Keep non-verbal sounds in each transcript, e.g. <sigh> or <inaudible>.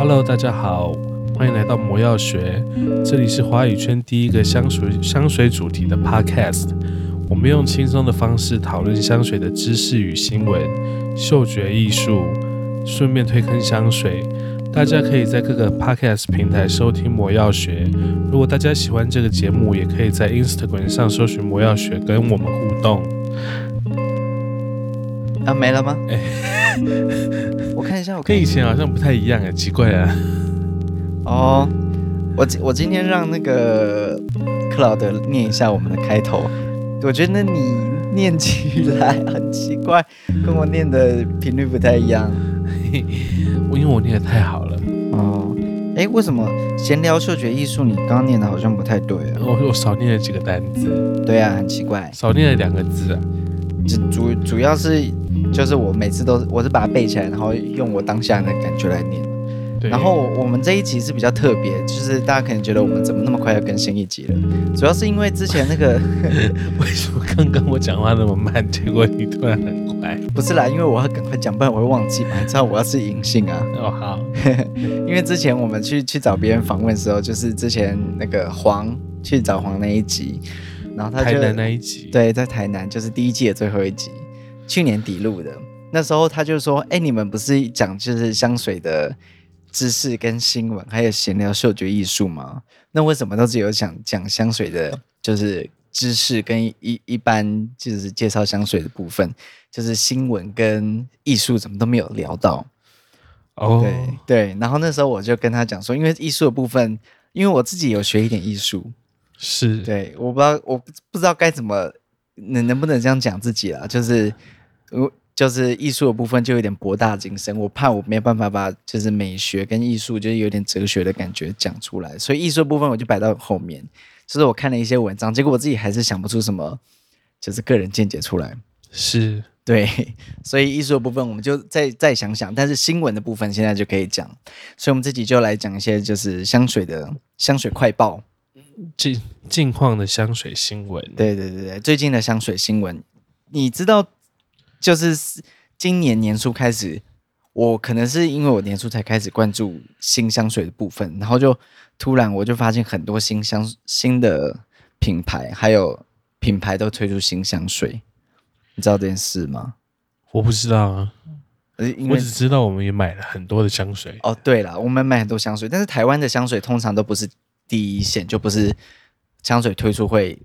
Hello，大家好，歡迎來到魔藥學。這裡是華語圈第一個香水香水主題的 Podcast。我們用輕鬆的方式討論香水的知識與新聞、嗅覺藝術，順便推坑香水。大家可以在各個 Podcast 平台收聽魔藥學。如果大家喜歡這個節目，也可以在 Instagram 上搜尋魔藥學，跟我們互動。啊，沒了嗎？哎 <laughs> 看一下，我跟以前好像不太一樣。很奇怪啊！哦，我我今天讓那個克勞德念一下我們的開頭，我覺得你念起來很奇怪，跟我念的頻率不太一樣。嘿，我因為我念的太好了。哦，哎，為什麼閒聊嗅覺藝術？你剛剛念的好像不太對啊。我我少念了幾個單字，對啊，很奇怪。少念了兩個字啊！主主主要是。就是我每次都是我是把它背起來，然後用我當下的感覺來念。對。然後我們這一集是比較特別，就是大家可能覺得我們怎麼那麼快要更新一集了？主要是因為之前那個…… <laughs> 為什麼剛剛我講話那麼慢，結果你突然很快？不是啦，因為我要趕快講，不然我會忘記嘛。你知道我要是銀杏啊？哦，好。 <laughs> 因為之前我們去去找別人訪問的時候，就是之前那個黃去找黃那一集，然後他就台南那一集對，在台南，就是第一季的最後一集。去年底錄的，那時候他就說：“哎、欸，你們不是講就是香水的知識跟新聞，還有閒聊嗅覺藝術嗎？那為什麼都只有講講香水的，就是知識跟一一般就是介紹香水的部分，就是新聞跟藝術怎麼都沒有聊到？”哦、oh.，對對。然後那時候我就跟他講說：“因為藝術的部分，因為我自己有學一點藝術，是對，我不知道我不知道該怎麼能能不能這樣講自己了、啊，就是。”如，就是藝術的部分就有點博大精深，我怕我沒有辦法把就是美學跟藝術就是有點哲學的感覺講出來，所以藝術的部分我就擺到後面。就是我看了一些文章，結果我自己還是想不出什麼，就是個人見解出來。是，對，所以藝術的部分我們就再再想想，但是新聞的部分現在就可以講，所以我們這集就來講一些就是香水的香水快報，近近況的香水新聞。對對對對，最近的香水新聞，你知道。就是今年年初開始，我可能是因為我年初才開始關注新香水的部分，然後就突然我就發現很多新香，新的品牌，還有品牌都推出新香水，你知道這件事嗎？我不知道啊，我只知道我們也買了很多的香水。哦，對了，我們買很多香水，但是台灣的香水通常都不是第一線，就不是香水推出會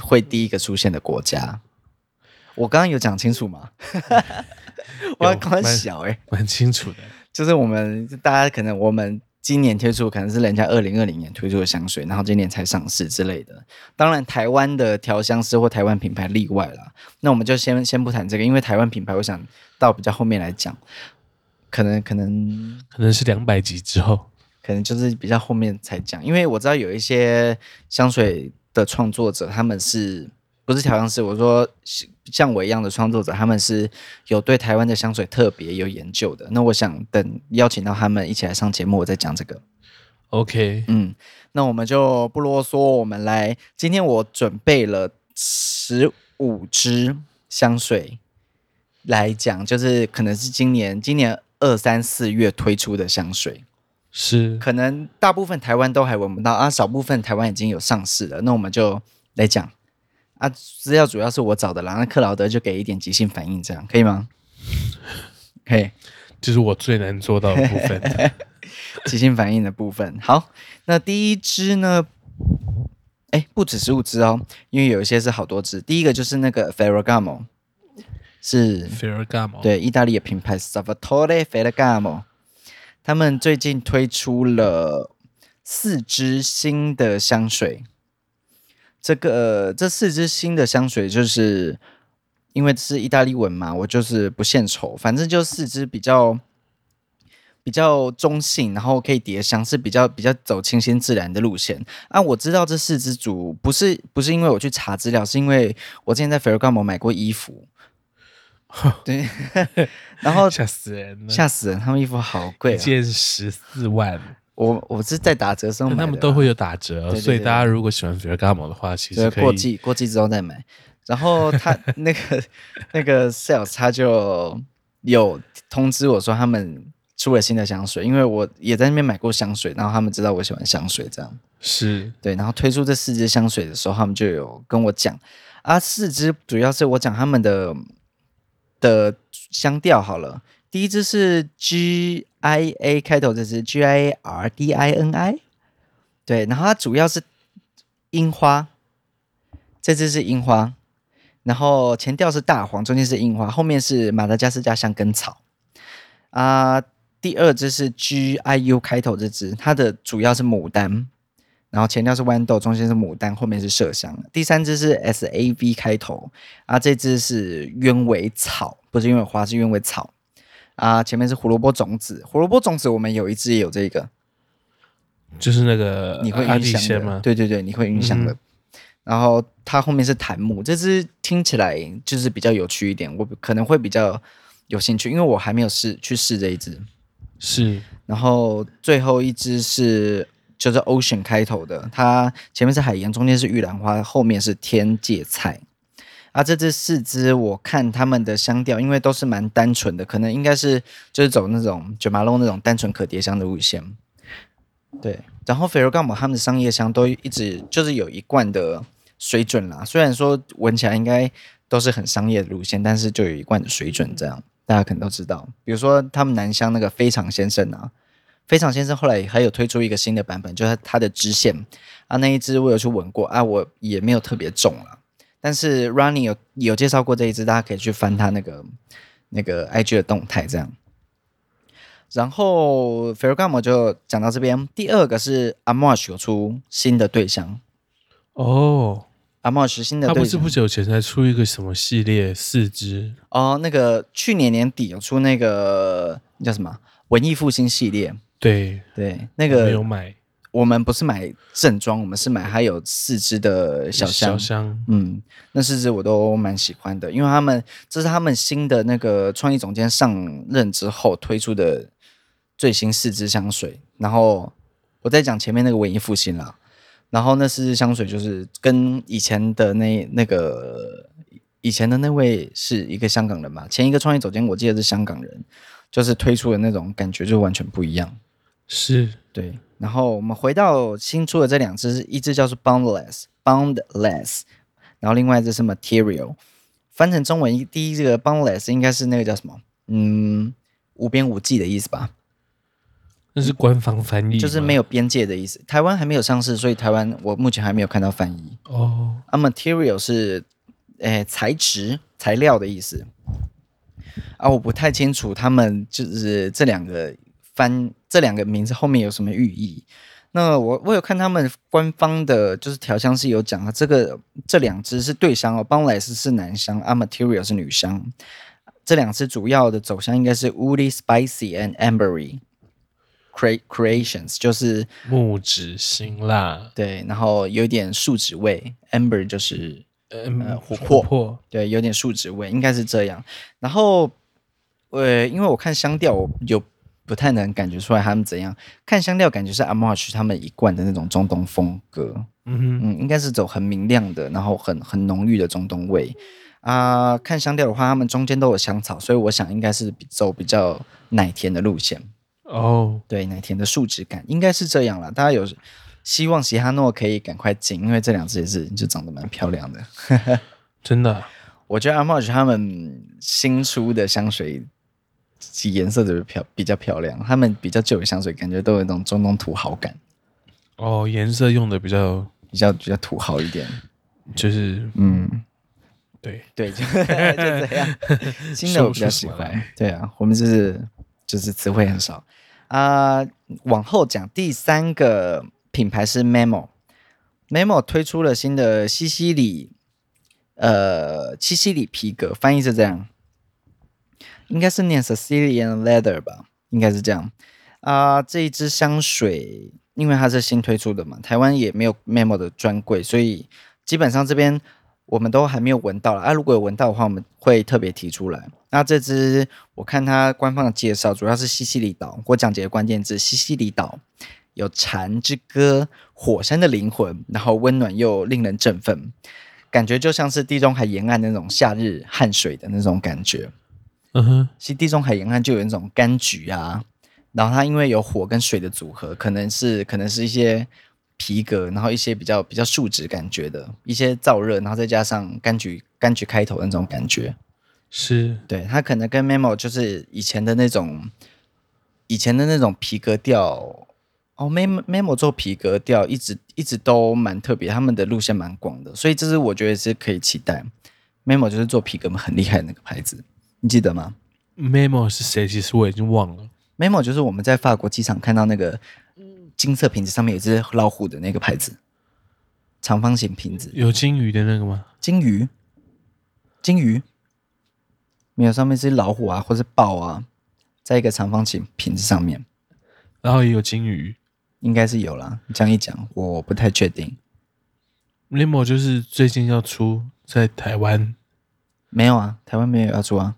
會第一個出現的國家。我剛剛有講清楚嗎？ <laughs> 我剛剛小。誒蠻清楚的，就是我們大家可能我們今年推出可能是人家二零二零年推出的香水，然後今年才上市之類的。當然，台灣的調香師或台灣品牌例外了。那我們就先先不談這個，因為台灣品牌我想到比較後面來講，可能可能可能是兩百集之後，可能就是比較後面才講。因為我知道有一些香水的創作者，他們是。不是調香師，我說像我一樣的創作者，他們是有對台灣的香水特別有研究的。那我想等邀請到他們一起來上節目，我再講這個。OK，嗯，那我們就不囉嗦，我們來。今天我準備了十五支香水來講，就是可能是今年今年二三四月推出的香水，是可能大部分台灣都還聞不到啊，少部分台灣已經有上市了。那我們就來講。啊，資料主要是我找的啦。那克勞德就給一點即興反應，這樣可以嗎？ <laughs> 可以。這是我最能做到的部分、啊， <laughs> 即興反應的部分。好，那第一支呢？欸、不止十五支哦，因為有一些是好多支。第一個就是那個 Ferragamo，是 Ferragamo，對，意大利的品牌 Salvatore Ferragamo，他們最近推出了四支新的香水。這個這四支新的香水，就是因為這是意大利文嘛，我就是不獻醜，反正就是四支比較比較中性，然後可以疊香，是比較比較走清新自然的路線啊。我知道這四支主，不是不是因為我去查資料，是因為我之前在菲爾干 r 買過衣服，哦、對，呵呵然後嚇死人了，嚇死人，他們衣服好貴、啊，一件十四萬。我我是在打折的時候買的、啊，他們都會有打折、哦，對對對，所以大家如果喜歡 Ferragamo 的話，其實可以過季過季之後再買。然後他 <laughs> 那個那個 sales 他就有通知我說他們出了新的香水，因為我也在那邊買過香水，然後他們知道我喜歡香水，這樣是對。然後推出這四支香水的時候，他們就有跟我講啊，四支主要是我講他們的的香調好了。第一支是 G I A 開頭這支 G I A R D I N I，對，然後它主要是櫻花。這支是櫻花，然後前調是大黃，中間是櫻花，後面是馬達加斯加香根草。啊，第二支是 G I U 開頭這支，它的主要是牡丹，然後前調是豌豆，中間是牡丹，後面是麝香。第三支是 S A V 開頭，啊，這支是鳶尾草，不是鳶尾花，是鳶尾草。啊，前面是胡蘿蔔種子，胡蘿蔔種子我們有一只也有這個，就是那個你會影響的嗎？對對對，你會影響的。嗯、然後它後面是檀木，這只聽起來就是比較有趣一點，我可能會比較有興趣，因為我還沒有試去試這一只。是，然後最後一只是就是 Ocean 開頭的，它前面是海鹽，中間是玉蘭花，後面是天芥菜。啊，這支四支我看他們的香調，因為都是蠻單純的，可能應該是就是走那種九馬龍那種單純可疊香的路線。對，然後菲拉格慕他們的商業香都一直就是有一貫的水準啦。雖然說聞起來應該都是很商業的路線，但是就有一貫的水準這樣，大家可能都知道。比如說他們男香那個非常先生啊，非常先生後來還有推出一個新的版本，就是它的支線啊，那一支我有去聞過啊，我也沒有特別重啦。但是 Running 有有介紹過這一支，大家可以去翻他那個那個 IG 的動態這樣。然後 Ferragamo 就講到這邊，第二個是 Amouage 有出新的對象哦，Amouage 新的對象，他不是不久前才出一個什麼系列四支哦，那個去年年底有出那個叫什麼文藝復興系列，對對，那個沒有買。我們不是買正裝，我們是買還有四支的小香。小香，嗯，那四支我都蠻喜歡的，因為他們這是他們新的那個創意總監上任之後推出的最新四支香水。然後我在講前面那個文藝復興啦，然後那四支香水就是跟以前的那那個以前的那位是一個香港人嘛，前一個創意總監我記得是香港人，就是推出的那種感覺就完全不一樣。是，對。然後我們回到新出的這兩支，一支叫做 Boundless，Boundless，然後另外一支是 Material，翻成中文，第一這個 Boundless 應該是那個叫什麼？嗯，無邊無際的意思吧？那是官方翻譯，就是沒有邊界的意思。台灣還沒有上市，所以台灣我目前還沒有看到翻譯。哦、oh. 啊。啊，Material 是誒材質、材料的意思。啊，我不太清楚他們就是這兩個。班這兩個名字，後面有什麼寓意？那我我有看他們官方的，就是調香師有講啊、這個，這個這兩支是對香哦，邦萊斯是男香啊，Material 是女香。這兩支主要的走向應該是 woody spicy and ambery creations，就是木質辛辣，對，然後有點樹脂味，amber 就是、嗯、呃琥珀，潑對，有點樹脂味，應該是這樣。然後呃因為我看香調，我有。不太能感覺出來他們怎樣看香調，感覺是 Amouage 他們一貫的那種中東風格。嗯哼嗯，應該是走很明亮的，然後很很濃郁的中東味。啊、呃，看香調的話，他們中間都有香草，所以我想應該是走比較奶甜的路線。哦，對，奶甜的樹脂感，應該是這樣了。大家有希望西哈諾可以趕快進，因為這兩支也是就長得蠻漂亮的。 <laughs> 真的，我覺得 Amouage 他們新出的香水，其顏色比較漂，比較漂亮。他們比較舊的香水，感覺都有那種中東土豪感。哦，顏色用的比較比較比較土豪一點，就是嗯，對對，就 <laughs> 就這樣。新的我比較喜歡，對啊，我們就是就是詞彙很少啊、呃。往後講，第三個品牌是 Memo，Memo 推出了新的西西里，呃，西西里皮革，翻譯是這樣。應該是念 Sicilian Leather 吧，應該是這樣啊、呃。這一支香水，因為它是新推出的嘛，台灣也沒有 Memo 的專櫃，所以基本上這邊我們都還沒有聞到啦。啊，如果有聞到的話，我們會特別提出來。那這支，我看它官方的介紹，主要是西西里島。我講解個關鍵字：西西里島有蟬之歌，火山的靈魂，然後溫暖又令人振奮，感覺就像是地中海沿岸那種夏日汗水的那種感覺。嗯哼，是、uh huh. 其實地中海沿岸就有一種柑橘啊，然後它因為有火跟水的組合，可能是可能是一些皮革，然後一些比較比較樹脂感覺的一些燥熱，然後再加上柑橘柑橘開頭的那種感覺，是，對，它可能跟 Memo 就是以前的那種以前的那種皮革調，哦 Memo Memo 做皮革調一直一直都蠻特別，他們的路線蠻廣的，所以這是我覺得是可以期待，Memo 就是做皮革嘛很厲害的那個牌子。你記得嗎？Memo 是誰？其實我已經忘了。Memo 就是我們在法國機場看到那個金色瓶子上面有只老虎的那個牌子，長方形瓶子。有金魚的那個嗎？金魚，金魚，沒有，上面是老虎啊，或者豹啊，在一個長方形瓶子上面。然後也有金魚，應該是有啦。這樣一講，我不太確定。Memo 就是最近要出在台灣，沒有啊，台灣沒有要出啊。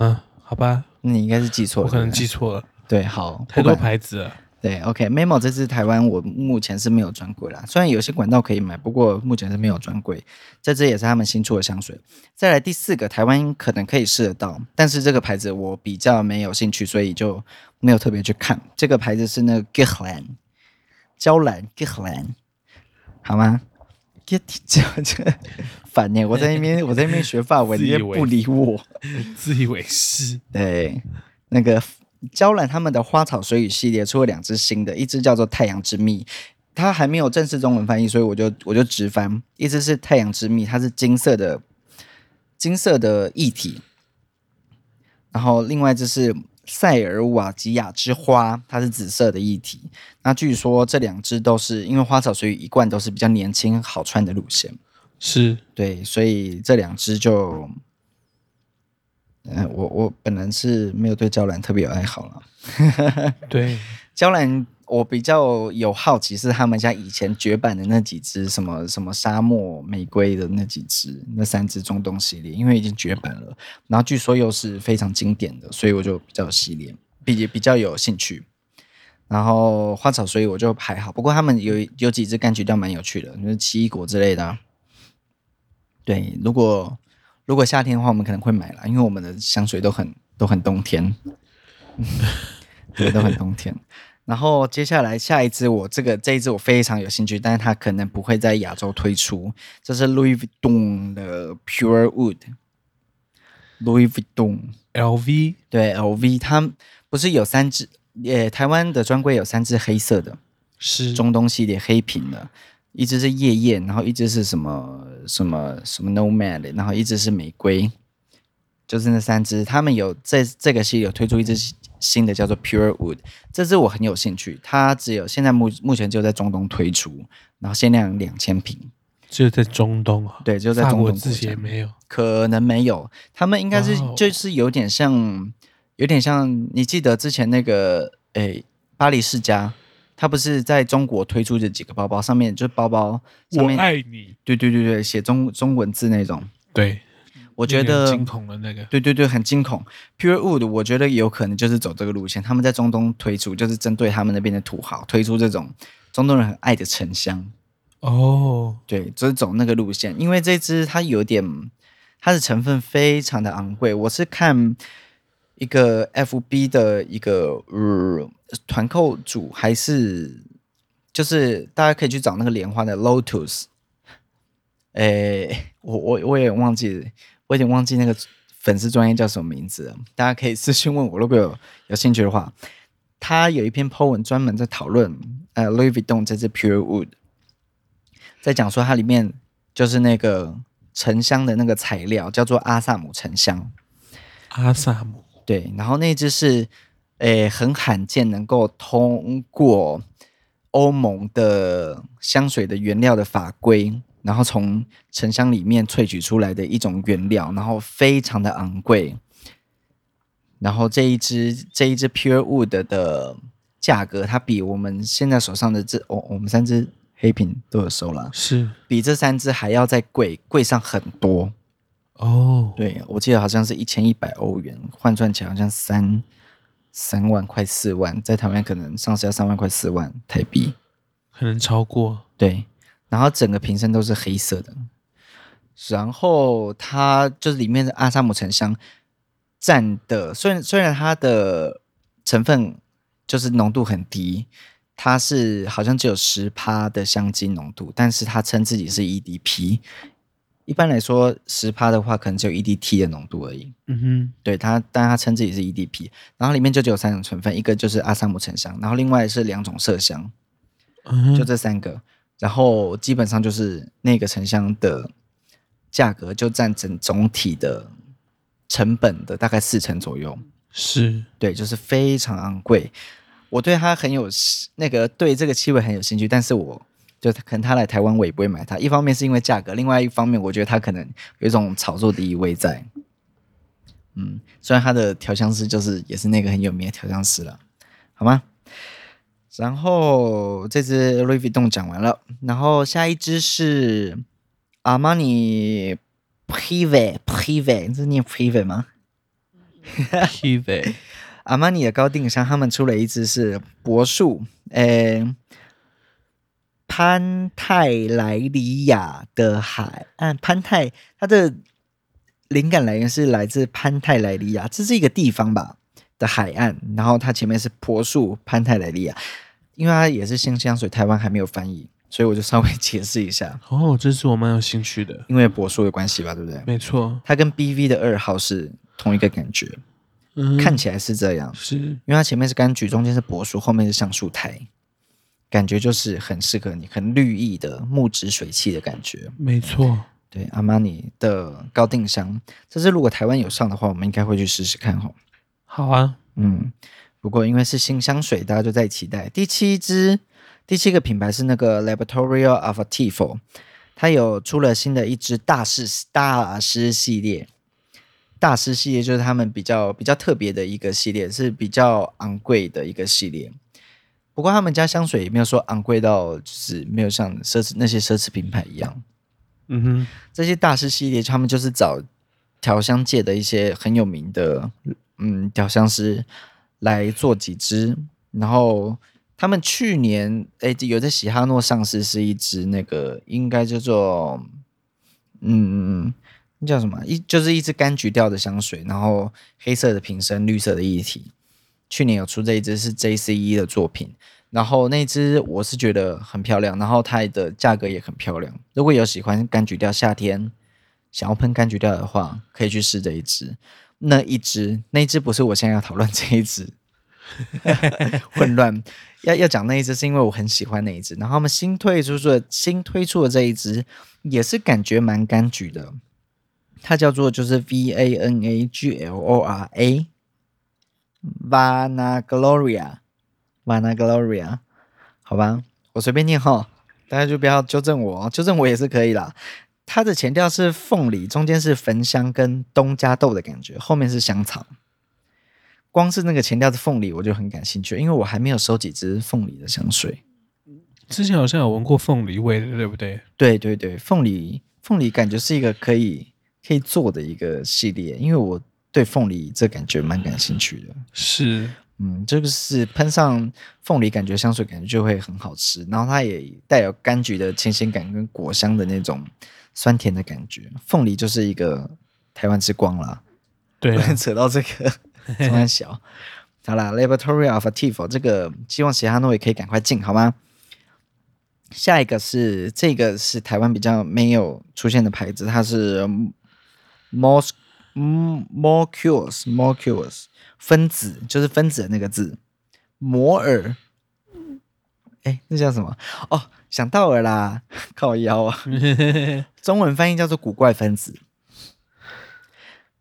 嗯，好吧，那你應該是記錯了是不是？我可能記錯了。對，好，太多牌子了。對，OK，Memo、okay, 這支台灣我目前是沒有專櫃啦，雖然有些管道可以買，不過目前是沒有專櫃。這支也是他們新出的香水。再來第四個，台灣可能可以試得到，但是這個牌子我比較沒有興趣，所以就沒有特別去看。這個牌子是那個 Guerlain，嬌蘭 Guerlain，好嗎？.也挺這這煩呢，我在那邊我在那邊學法文，你也不理我，自以為是。 <laughs> 對，那個嬌蘭他們的花草水語系列出了兩支新的，一支叫做太陽之蜜，它還沒有正式中文翻譯，所以我就我就直翻。一支是太陽之蜜，它是金色的金色的液體，然後另外一支是。塞爾瓦、啊、吉亞之花，它是紫色的液體。那據說這兩隻都是因為花草，屬於一貫都是比較年輕、好穿的路線。是對，所以這兩隻就，嗯、呃，我我本人是沒有對嬌蘭特別有愛好了， <laughs> 對，嬌蘭。我比較有好奇是他們家以前絕版的那幾隻什麼什麼沙漠玫瑰的那幾隻，那三隻中東系列，因為已經絕版了，然後據說又是非常經典的，所以我就比較有系列比比較有興趣。然後花草，所以我就還好。不過他們有有幾隻柑橘調蠻有趣的，就是奇異果之類的、啊。對，如果如果夏天的話，我們可能會買了，因為我們的香水都很都很冬天， <laughs> 對，都很冬天。 <laughs> 然後接下來下一支，我這個這一支我非常有興趣，但是它可能不會在亞洲推出。這是 Lou Vu Wood, Louis Vuitton 的 Pur Oud，Louis Vuitton LV 對 LV，他們不是有三支，也、欸、台灣的專櫃有三支黑色的，是中東系列黑瓶的，一隻是夜宴，然後一隻是什麼什麼什麼 Nomad，然後一隻是玫瑰，就是那三支。他們有這這個系列有推出一支。嗯新的叫做 Pur Oud，這支我很有興趣。它只有現在目目前只有在中東推出，然後限量兩千瓶。只有在中東啊？對，就在中東。之前也沒有，可能沒有。他們應該是 Wow. 就是有點像，有點像。你記得之前那個誒、欸，巴黎世家，他不是在中國推出這幾個包包，上面就包包上面我愛你，對對對對，寫中中文字那種。對。我覺得驚恐的那個，對對對，很驚恐。Pur Oud，我覺得有可能就是走這個路線。他們在中東推出，就是針對他們那邊的土豪推出這種中東人很愛的沉香。哦，對，就是走那個路線，因為這支它有點，它的成分非常的昂貴。我是看一個 FB 的一個呃團購組還是就是大家可以去找那個蓮花的 Lotus，哎、欸，我我我也忘記了。我有點忘記那個粉絲專頁叫什麼名字了，大家可以私信問我，如果有,有興趣的話，他有一篇 PO 文專門在討論，呃，Louis Vuitton 這支 Pur Oud，在講說它裡面就是那個沉香的那個材料叫做阿薩姆沉香，阿薩姆對，然後那一支是，誒、欸，很罕見能夠通過歐盟的香水的原料的法規。然後從沉香裡面萃取出來的一種原料，然後非常的昂貴。然後這一支這一支 Pur Oud 的價格，它比我們現在手上的這哦，我們三支黑瓶都有收了，是比這三支還要再貴貴上很多哦。Oh. 對我記得好像是一千一百歐元，換算起來好像三三萬塊四萬，在台灣可能上市要三萬塊四萬台幣，可能超過對。然後整個瓶身都是黑色的，然後它就是裡面的阿薩姆沉香占的，雖然雖然它的成分就是濃度很低，它是好像只有十帕的香精濃度，但是它稱自己是 EDP。一般來說10，十帕的話可能只有 EDT 的濃度而已。嗯哼，對它，但它稱自己是 EDP，然後裡面就只有三種成分，一個就是阿薩姆沉香，然後另外是兩種麝香，嗯、哼就這三個。然後基本上就是那個沉香的價格，就占整總體的成本的大概四成左右。是，對，就是非常昂貴。我對它很有那個對這個氣味很有興趣，但是我就可能他來台灣，我也不會買它。一方面是因為價格，另外一方面我覺得它可能有一種炒作的意味在。嗯，雖然他的調香師就是也是那個很有名的調香師了，好嗎？然後這只 Riviton 講完了，然後下一只是阿瑪尼 Privé, Privé，這是念 Privé 嗎？Privé，阿瑪尼的高定商他們出了一只是柏樹，誒、欸，潘泰萊里亞的海，嗯、啊，潘泰它的靈感來源是來自潘泰萊里亞，這是一個地方吧。的海岸，然後它前面是柏樹潘泰萊利亞，因為它也是新香，所以台灣還沒有翻譯，所以我就稍微解釋一下。哦，這是我蠻有興趣的，因為柏樹有關係吧？對不對？沒錯，它跟 BV 的二號是同一個感覺，嗯，看起來是這樣，是因為它前面是柑橘，中間是柏樹，後面是橡樹苔，感覺就是很適合你很綠意的木質水汽的感覺。沒錯，對阿瑪尼的高定香，這是如果台灣有上的話，我們應該會去試試看哈。好啊，嗯，不過因為是新香水，大家就在期待。第七支，第七個品牌是那個 Laboratorio Olfattivo，它有出了新的一支大師大師系列。大師系列就是他們比較比較特別的一個系列，是比較昂貴的一個系列。不過他們家香水也沒有說昂貴到，就是沒有像奢侈那些奢侈品牌一樣。嗯哼，這些大師系列，他們就是找調香界的一些很有名的。嗯，調香師來做幾支，然後他們去年誒、欸，有的喜哈諾上市是一支那個應該叫做嗯，叫什麼，一就是一支柑橘調的香水，然後黑色的瓶身，綠色的液體。去年有出這一支是 JCE 的作品，然後那支我是覺得很漂亮，然後它的價格也很漂亮。如果有喜歡柑橘調夏天想要噴柑橘調的話，可以去試這一支。那一支，那一支不是我現在要討論這一支， <laughs> 混亂。要要講那一支，是因為我很喜歡那一支。然後我們新推出的，新推出的這一支，也是感覺蠻柑橘的。它叫做就是 V A N A G L O R A，V A N A G L O R I A，V A N A G L O R I A。N A G L o R、A, ia, ia, 好吧，我隨便念哈，大家就不要糾正我哦，糾正我也是可以啦。它的前調是鳳梨，中間是焚香跟東加豆的感覺，後面是香草。光是那個前調的鳳梨，我就很感興趣，因為我還沒有收幾支鳳梨的香水。之前好像有聞過鳳梨味的，對不對？對對對，鳳梨鳳梨感覺是一個可以可以做的一個系列，因為我對鳳梨這感覺蠻感興趣的。嗯、是，嗯，這、就、個是噴上鳳梨感覺香水，感覺就會很好吃，然後它也帶有柑橘的清新感跟果香的那種。酸甜的感覺，鳳梨就是一個台灣之光了。對、啊，扯到這個，這麼 <laughs> <laughs> 小，好了 <laughs> ，Laboratorio Olfattivo 這個，希望其他諾維可以趕快進，好嗎？下一個是這個是台灣比較沒有出現的牌子，它是 Molecules，Molecules 分子就是分子的那個字，摩爾。哎，那叫什麼？哦，想到了啦，靠腰啊！ <laughs> 中文翻譯叫做“古怪分子”。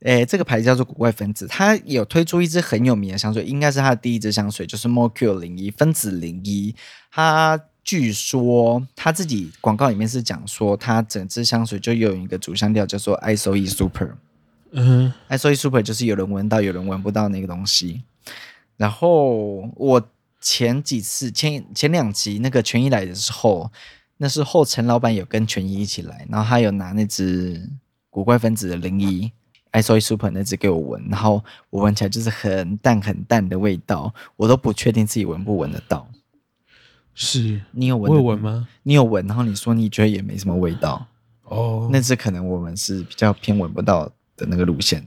哎，這個牌子叫做“古怪分子”，它有推出一支很有名的香水，應該是它的第一支香水，就是 “Molecule 零一”，分子零一。它據說它自己廣告裡面是講說，它整支香水就有一個主香調叫做 “ISO E Super”。嗯，“ISO E Super” 就是有人聞到，有人聞不到那個東西。然後我。前幾次，前前兩集那個權怡來的時候，那是後陳老板有跟權一一起來，然後他有拿那只古怪分子的零一，Iso E Super 那只給我聞，然後我聞起來就是很淡很淡的味道，我都不確定自己聞不聞得到。是你有聞？會聞嗎？你有聞？然後你說你覺得也沒什麼味道哦，那只可能我們是比較偏聞不到的那個路線。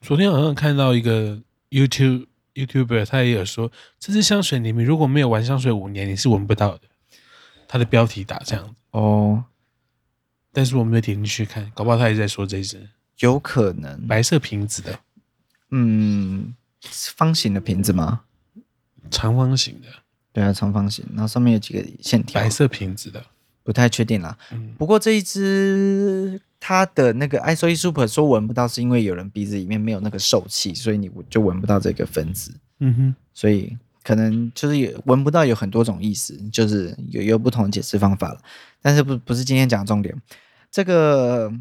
昨天晚上看到一個 YouTube。YouTuber 他也有說，這支香水你們如果沒有玩香水五年，你是聞不到的。他的標題打這樣哦，oh. 但是我沒有點進去看，搞不好他也在說這一支，有可能白色瓶子的，嗯，是方形的瓶子嗎？長方形的，對啊，長方形，然後上面有幾個線條。白色瓶子的，不太確定啦。嗯、不過這一支。他的那個 Iso E Super 說聞不到，是因為有人鼻子裡面沒有那個受器，所以你就聞不到這個分子。嗯哼，所以可能就是也聞不到，有很多種意思，就是有有不同的解釋方法了。但是不不是今天講的重點。這個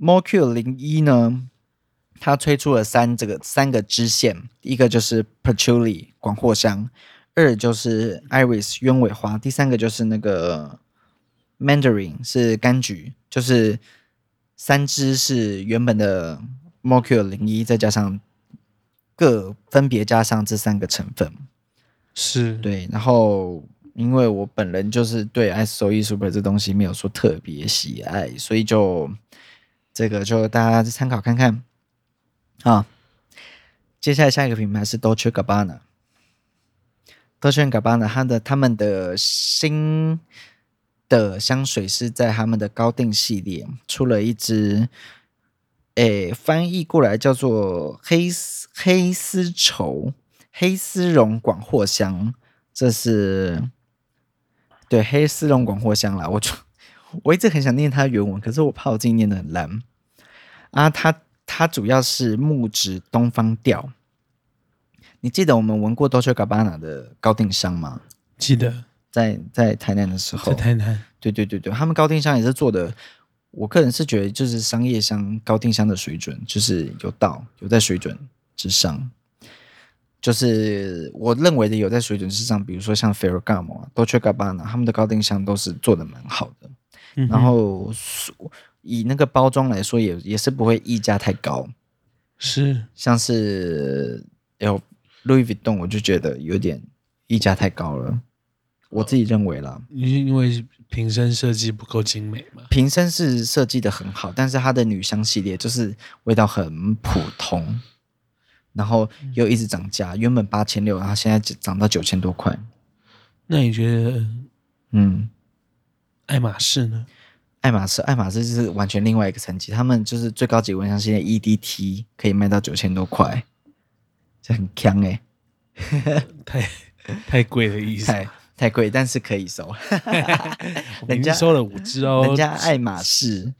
Molecule 零一呢，它推出了三這個三個支線，一個就是 Patchouli 廣藿香，二就是 Iris 鳶尾花，第三個就是那個 Mandarin 是柑橘。就是三支是原本的 Molecule 零一，再加上各分別加上這三個成分是，是對。然後因為我本人就是對 Iso E Super 這東西沒有說特別喜愛，所以就這個就大家參考看看。好、哦，接下來下一個品牌是 Dolce Gabbana，Dolce Gabbana 它的他們的新。的香水是在他們的高定系列出了一支，誒、欸，翻譯過來叫做黑絲黑絲綢黑絲絨廣藿香，這是對，黑絲絨廣藿香啦，我我我一直很想念它的原文，可是我怕我今天念的很爛。啊，它它主要是木質東方調。你記得我們聞過 Dolce Gabbana 的高定香嗎？記得。在在台南的時候，在台南，對對對對，他們高定香也是做的。我個人是覺得，就是商業香高定香的水準，就是有到有在水準之上，就是我認為的有在水準之上，比如說像 Ferragamo、Dolce & Gab、嗯、ba 哼 na 他們的高定香都是做的蠻好的。嗯、哼然後以那個包裝來說也，也也是不會溢價太高。是，像是 L Louis Vuitton，我就覺得有點溢價太高了。嗯我自己認為啦，因因為瓶身設計不夠精美嘛。瓶身是設計的很好，但是它的女香系列就是味道很普通，然後又一直漲價，嗯、原本八千六，然後現在漲到九千多塊。那你覺得，嗯，愛馬仕呢？愛馬仕，愛馬仕是完全另外一個層級，他們就是最高級蚊香系列 EDT 可以賣到九千多塊，這很強哎、欸， <laughs> 太太貴的意思。太貴，但是可以收。哈哈哈，人家收 <laughs> 了五支哦，人家愛馬仕，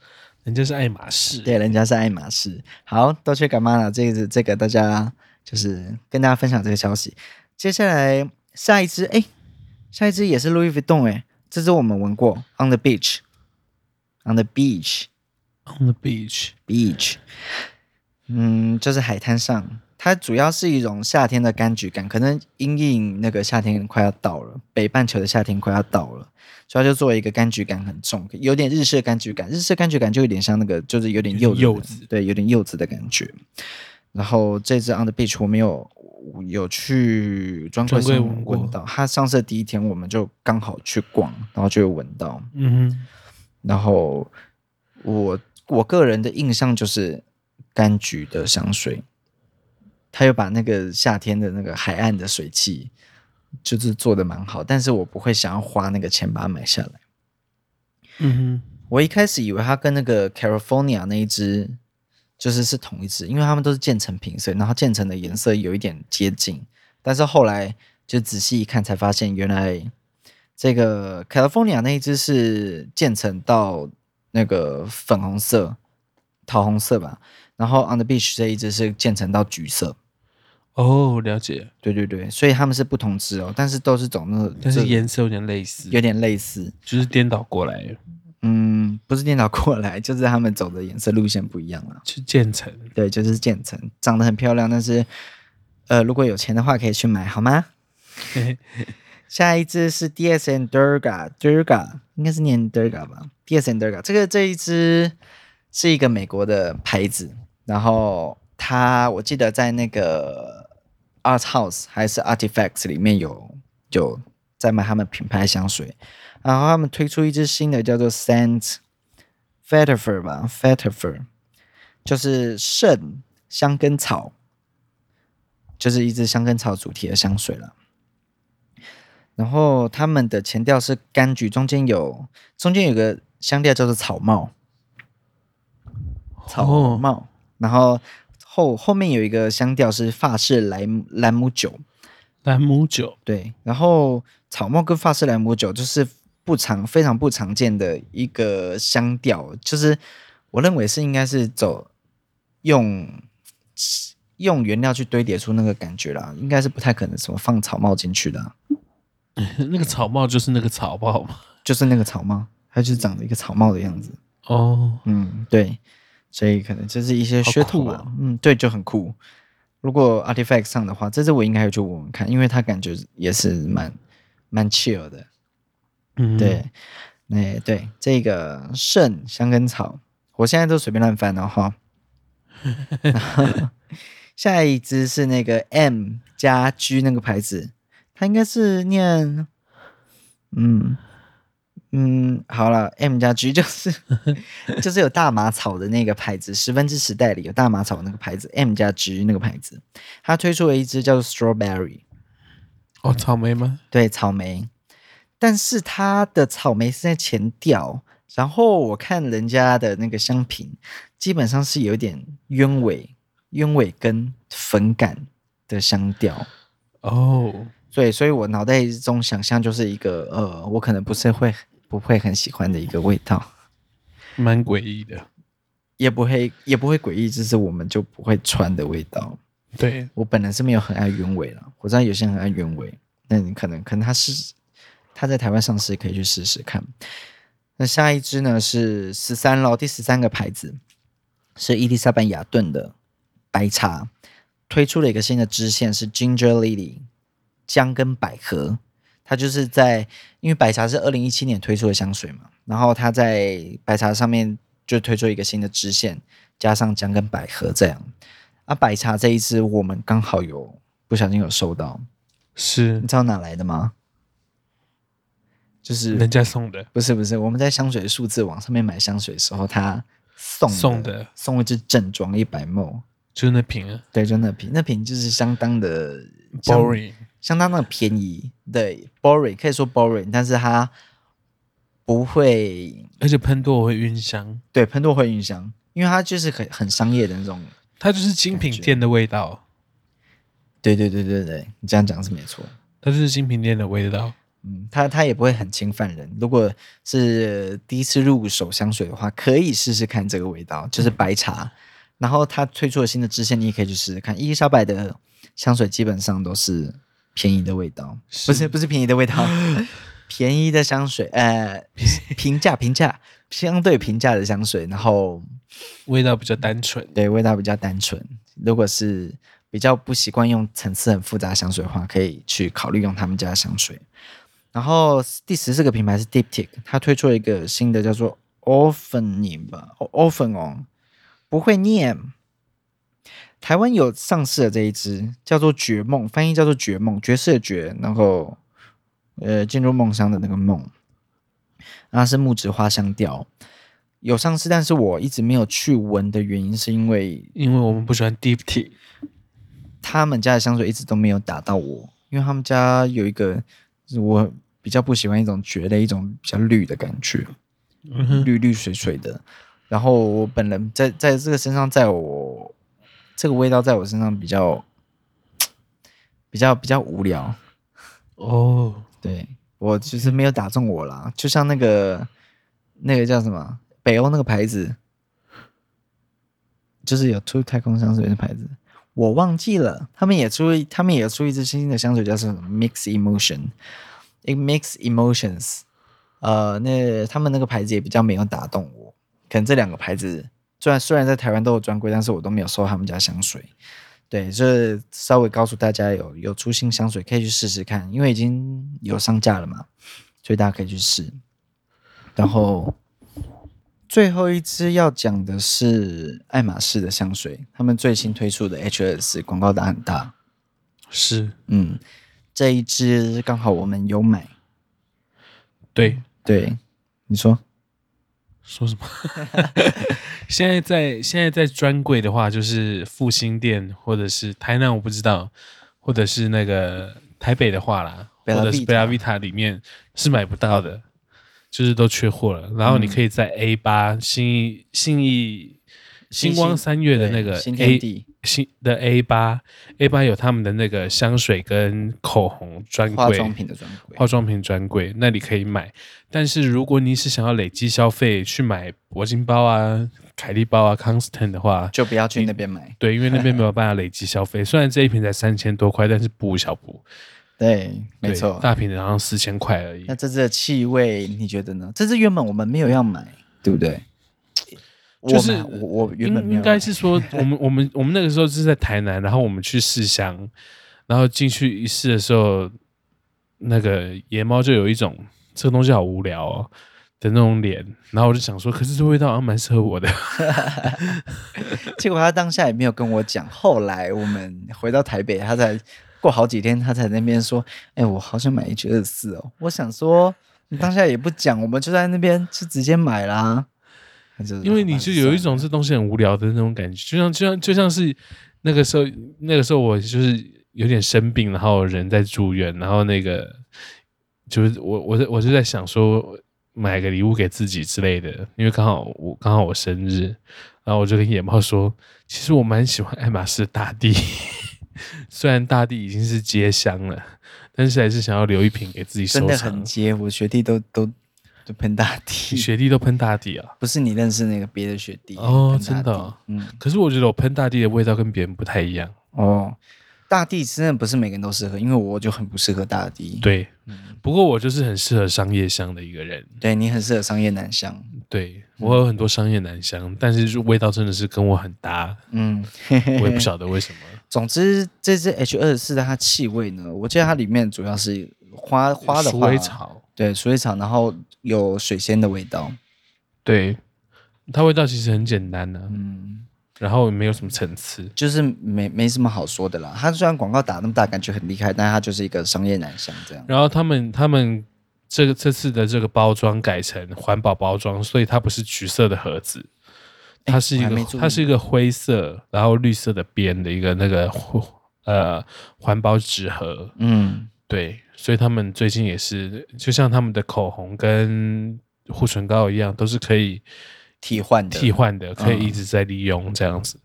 人家是愛馬仕，對，人家是愛馬仕。嗯、好，多謝乾媽啦，這這，給大家就是跟大家分享這個消息。接下來下一支，誒，下一支、欸、也是路易威登誒，這支我們聞過，On the beach, on the beach, on the beach, beach。嗯，就是海灘上。它主要是一種夏天的柑橘感，可能因為那個夏天快要到了，北半球的夏天快要到了，主要就作為一個柑橘感很重，有點日式柑橘感，日式柑橘感就有點像那個，就是有點柚子柚子，對，有點柚子的感覺。然後這支 On the Beach 我沒有我有去專櫃聞到，它上市第一天我們就剛好去逛，然後就有聞到，嗯哼。然後我我個人的印象就是柑橘的香水。他又把那個夏天的那個海岸的水汽，就是做得蠻好，但是我不會想要花那個錢把它買下來。嗯哼，我一開始以為它跟那個 California 那一隻就是是同一隻，因為它們都是漸層品，所以然後漸層的顏色有一點接近，但是後來就仔細一看才發現，原來這個 California 那一隻是漸層到那個粉紅色、桃紅色吧，然後 On the Beach 這一隻是漸層到橘色。哦，了解，對對對，所以他們是不同支哦，但是都是走那種，但是顏色有點類似，有點類似，就是顛倒過來，啊，嗯，不是顛倒過來，就是他們走的顏色路線不一樣啊。是漸層，對，就是漸層，長得很漂亮，但是，呃，如果有錢的話可以去買，好嗎？ <laughs> 下一支是 DS & Durga Durga，應該是念 Durga 吧？DS & Durga 這個這一支是一個美國的牌子，然後它我記得在那個。Art House 還是 Artifacts 裡面有有在賣他們品牌香水，然後他們推出一支新的叫做 Saint Vetyver 吧，Vetyver 就是聖香根草，就是一支香根草主題的香水了。然後他們的前調是柑橘，中間有中間有個香調叫做草帽，草帽，oh. 然後。後後面有一個香調是法式蘭蘭姆酒，蘭姆酒對，然後草帽跟法式蘭姆酒就是不常非常不常見的一個香調，就是我認為是應該是走用用原料去堆疊出那個感覺啦，應該是不太可能什麼放草帽進去的啊。那個草帽就是那個草帽就是那個草帽，它就長的一個草帽的樣子。哦，嗯，對。所以可能這是一些噱頭吧，哦啊、嗯，對，就很酷。如果 artifact 上的話，這支我應該就我問問看，因為它感覺也是蠻蠻 chill 的。嗯，對，哎，對，這個聖香根草，我現在都隨便亂翻了、哦、哈。 <laughs> <laughs> 下一支是那個 M 加 G 那個牌子，它應該是念，嗯。嗯，好了，M 加 G 就是 <laughs> 就是有大麻草的那個牌子， <laughs> 十分之十代理有大麻草的那個牌子，M 加 G 那個牌子，它推出了一支叫做 Strawberry，哦，草莓嗎、嗯？對，草莓，但是它的草莓是在前調，然後我看人家的那個香品，基本上是有點鳶尾、鳶尾根粉感的香調，哦，對，所以我腦袋中想象就是一個呃，我可能不是會。不會很喜歡的一個味道，蠻詭異的，也不會也不會詭異，就是我們就不會穿的味道。對，我本來是沒有很愛原味的，我知道有些人很愛原味，那你可能可能他是他在台灣上市，可以去試試看。那下一支呢是十三咯，第十三個牌子，是伊麗莎白雅頓的白茶，推出了一個新的支線是 Ginger Lily，薑跟百合。它就是在，因為白茶是二零一七年推出的香水嘛，然後它在白茶上面就推出一個新的支線，加上薑跟百合這樣。而、啊、白茶這一支我們剛好有不小心有收到，是你知道哪來的嗎？就是人家送的，不是不是，我們在香水的數字網上面買香水的時候，他送送的送了一支正裝一百 ml，就是那瓶啊，對，就那瓶，那瓶就是相當的 boring。相當的便宜，對，boring 可以說 boring，但是它不會，而且噴多會暈香。對，噴多會暈香，因為它就是很很商業的那種，它就是精品店的味道。對對對對對，你這樣講是沒錯，它就是精品店的味道。嗯，它它也不會很侵犯人。如果是第一次入手香水的話，可以試試看這個味道，就是白茶。嗯，然後它推出了新的支線，你也可以去試試看。伊麗莎白的香水基本上都是。便宜的味道不是不是便宜的味道，便宜的香水，呃，平價平價相對平價的香水，然後味道比較單純，對，味道比較單純。如果是比較不習慣用層次很複雜香水的話，可以去考慮用他們家的香水。然後第十四個品牌是 Diptyque，它推出了一個新的叫做 Orphéon 吧 Orphéon 不會念。台灣有上市的這一支，叫做“爵夢”，翻譯叫做“爵夢”，爵士的“爵”，然後，呃，進入夢鄉的那個“夢”，那是木質花香調，有上市，但是我一直沒有去聞的原因，是因為因為我們不喜歡 Diptyque，他們家的香水一直都沒有打到我，因為他們家有一個、就是、我比較不喜歡一種蕨類、一種比較綠的感覺，嗯、哼綠綠水水的，然後我本人在在這個身上，在我。這個味道在我身上比較比較比較無聊哦， <laughs> oh, 對，我就是沒有打中我啦，Okay. 就像那個那個叫什麼北歐那個牌子，就是有出太空香水的牌子，我忘記了。他們也出，他們也出一支新的香水，叫什麼 Mix Emotion，一個 Mix Emotions，呃，那個，他們那個牌子也比較沒有打動我，可能這兩個牌子。雖然雖然在台灣都有專櫃，但是我都沒有收到他們家香水。對，就是稍微告訴大家有，有有出新香水可以去試試看，因為已經有上架了嘛，所以大家可以去試。然後最後一支要講的是愛馬仕的香水，他們最新推出的 H24 廣告打很大，是嗯，這一支剛好我們有買。對對，你說說什麼？ <laughs> 現在在現在在專櫃的話，就是復興店或者是台南我不知道，或者是那個台北的話啦，或者是 Bellavita 裡面是買不到的，就是都缺貨了。然後你可以在 A 八新新義，新光三月的那個 A。新的 A 八，A 八有他們的那個香水跟口紅專櫃，化妝品專櫃，那裡可以買。但是如果你是想要累積消費去買鉑金包啊、凱利包啊、Constant 的話，就不要去那邊買。對，因為那邊沒有辦法累積消費。嘿嘿雖然這一瓶才三千多塊，但是不無小補。對，沒錯，大瓶的然後四千塊而已。那這支的氣味你覺得呢？這支原本我們沒有要買，對不對？就是我我原，應該是說我們我們 <laughs> 我們那個時候是在台南，然後我們去試香，然後進去一試的時候，那個野貓就有一種這個東西好無聊哦的那種臉，然後我就想說，可是這味道好像蠻適合我的。 <laughs> <laughs> 結果他當下也沒有跟我講，後來我們回到台北，他才過好幾天，他才那邊說：“哎、欸，我好想買 H24 哦。”我想說，你當下也不講，我們就在那邊就直接買啦、啊。因為你就有一種這東西很無聊的那種感覺，就像就像就像是那個時候，那個時候我就是有點生病，然後人在住院，然後那個就是我我我就在想說買個禮物給自己之類的，因為剛好我剛好我生日，然後我就跟野貓說，其實我蠻喜歡愛馬仕的大地， <laughs> 雖然大地已經是街香了，但是還是想要留一瓶給自己收藏。真的很街，我學弟都都。就噴大地，雪地都噴大地啊！不是你認識那個別的雪地哦，真的。嗯，可是我覺得我噴大地的味道跟別人不太一樣哦。大地真的不是每個人都適合，因為我就很不適合大地。對，不過我就是很適合商業香的一個人。對，你很適合商業男香。對，我有很多商業男香，但是味道真的是跟我很搭。嗯，我也不曉得為什麼。總之這支 H24 的它氣味呢，我記得它裡面主要是花花的花草，對，鼠尾草，然後。有水仙的味道，對，它味道其實很簡單的，啊，嗯，然後沒有什麼層次，就是沒沒什麼好說的啦。它雖然廣告打那麼大，感覺很厲害，但它就是一個商業男香這樣。然後他們他們這個這次的這個包裝改成環保包裝，所以它不是橘色的盒子，它是一個，欸，它是一個灰色，然後綠色的邊的一個那個呃環保紙盒，嗯。對，所以他們最近也是，就像他們的口紅跟護唇膏一樣，都是可以替換的、替換的，嗯、可以一直在利用這樣子。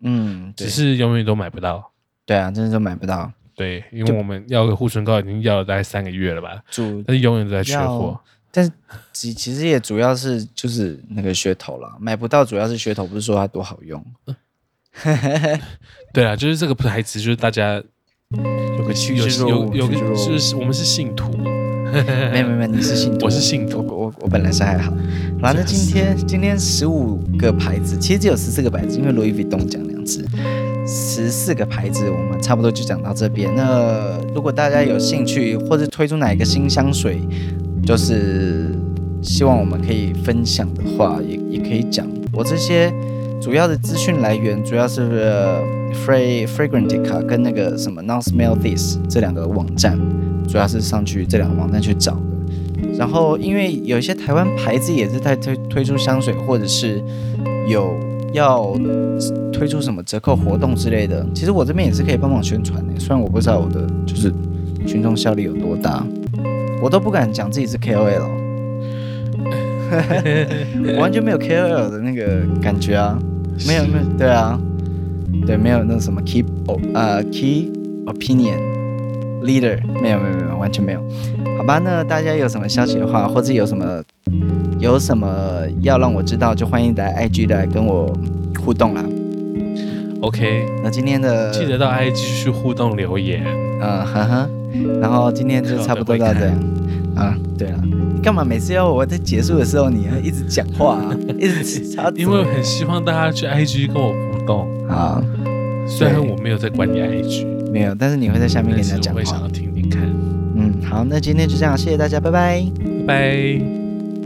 嗯，只是永遠都買不到。對啊，真的都買不到。對，因為我們要個護唇膏已經要了大概三個月了吧？主就，但是永遠都在缺貨。但是其其實也主要是就是那個噱頭了，買不到主要是噱頭，不是說它多好用。 <laughs> 對啊，就是這個牌子，就是大家。有個趣有說，有有個弱是，是，我們是信徒， <laughs> 沒有沒有，你是信徒，我是信徒，我我本來是還好，反正今天是今天十五個牌子，其實只有十四個牌子，因為 Louis Vuitton 講兩次，十四個牌子，我們差不多就講到這邊。那如果大家有興趣，或是推出哪一個新香水，就是希望我們可以分享的話，也也可以講我這些。主要的資訊來源主要是 frag Fragrantica 跟那個什麼 non smell this 這兩個網站，主要是上去這兩個網站去找的。然後因為有一些台灣牌子也是在推推出香水，或者是有要推出什麼折扣活動之類的，其實我這邊也是可以幫忙宣傳的，雖然我不知道我的就是群眾效力有多大，我都不敢講自己是 K O L。 <laughs> 完全沒有 K O L 的那個感覺啊，沒有沒有，對啊，對，沒有那什麼 key，呃、uh、key opinion leader，沒有沒有沒有，完全沒有。好吧，那大家有什麼消息的話，或者有什麼有什麼要讓我知道，就歡迎來 I G 來跟我互動啦、嗯。OK，那今天的、嗯、記得到 I G 去互動留言，嗯哼哼，然後今天就差不多到這樣，啊，對了。幹嘛每次要我在結束的時候，你要一直講話啊，一直吵？因為我很希望大家去 IG 跟我互動啊，雖然我沒有在管理 IG，嗯，沒有，但是你會在下面跟大家講話，我會想要聽聽看。嗯，好，那今天就這樣，謝謝大家，拜拜，拜拜。